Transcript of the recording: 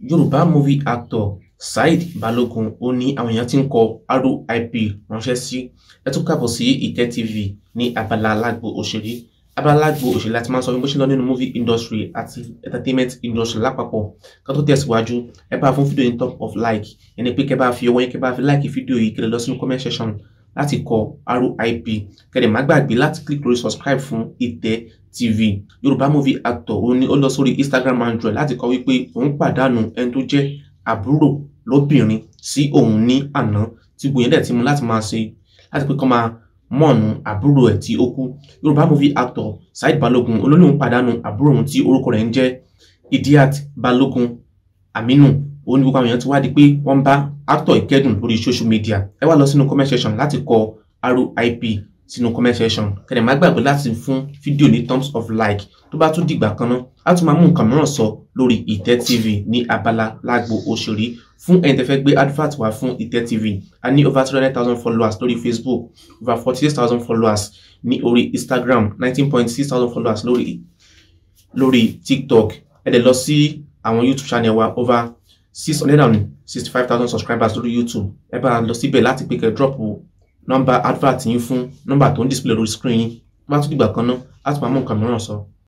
yorùbá movie actor saheed balogun ó ní àwọn èèyàn ti ń kọ rip ránṣẹ́ sí ẹ tún kàbọ̀ sí ìtẹ́ tv ní abala alágbo òṣèré abala alágbo òṣèré láti máa sọ bí mo ṣe lọ nínú movie industry àti entertainment industry lápapọ̀ ká tó tẹ̀síwájú ẹ bá fún fídíò yìí top of like ẹni pé kẹ́ bá fi ọwọ́ yín kẹ́ bá fi like fídíò yìí kẹ́ lọ sínú comment section láti kọ ROIP kẹ̀dẹ̀ má gbàgbé láti click lórí subscribe fún ìtẹ́ TV Yorùbá Movie Actor òun ni ó lọ sórí Instagram android láti kọ wípé òun pàdánù ẹni tó jẹ́ àbúrò lóbìnrin sí òun ní àná tí gbogbo yẹn dẹ̀ ti mú láti máa ṣe láti pé kọ́ máa mọ́ọ̀nù àbúrò ẹ̀ tí ó kú Yorùbá Movie Actor Saheed Balogun olólùwọ̀n pàdánù àbúrò òun tí orúkọ rẹ̀ ń jẹ́ Idiat Balogun Aminu ó ní gbogbo àwọn èèyàn ti wá di pé wọ́n bá actor ìkẹ́dùn lórí social media ẹ wá lọ sínú comment section láti kọ RIP sínú comment section kẹ̀dẹ̀ má gbàgbé láti fún fídíò ní thumbs of like tó bá tún dìgbà kan náà á tún máa mú nǹkan mìíràn sọ lórí ìtẹ́ tv ní abala lágbo òṣèré fún ẹni tẹ́ fẹ́ gbé advert wá fún ìtẹ́ tv a ní over three hundred thousand followers lórí facebook over forty six thousand followers ní orí instagram nineteen point six thousand followers lórí lórí tiktok ẹ dẹ̀ lọ sí àwọn youtube channel wa over six hundred and sixty five thousand subscribers lórí youtube ẹ bá lọ síbẹ̀ láti pé kẹ́ drop number advert yín fún nọ́mbà tó ń display lórí screen yín bá tún dìgbà kan náà láti máa nǹkan mìíràn sọ.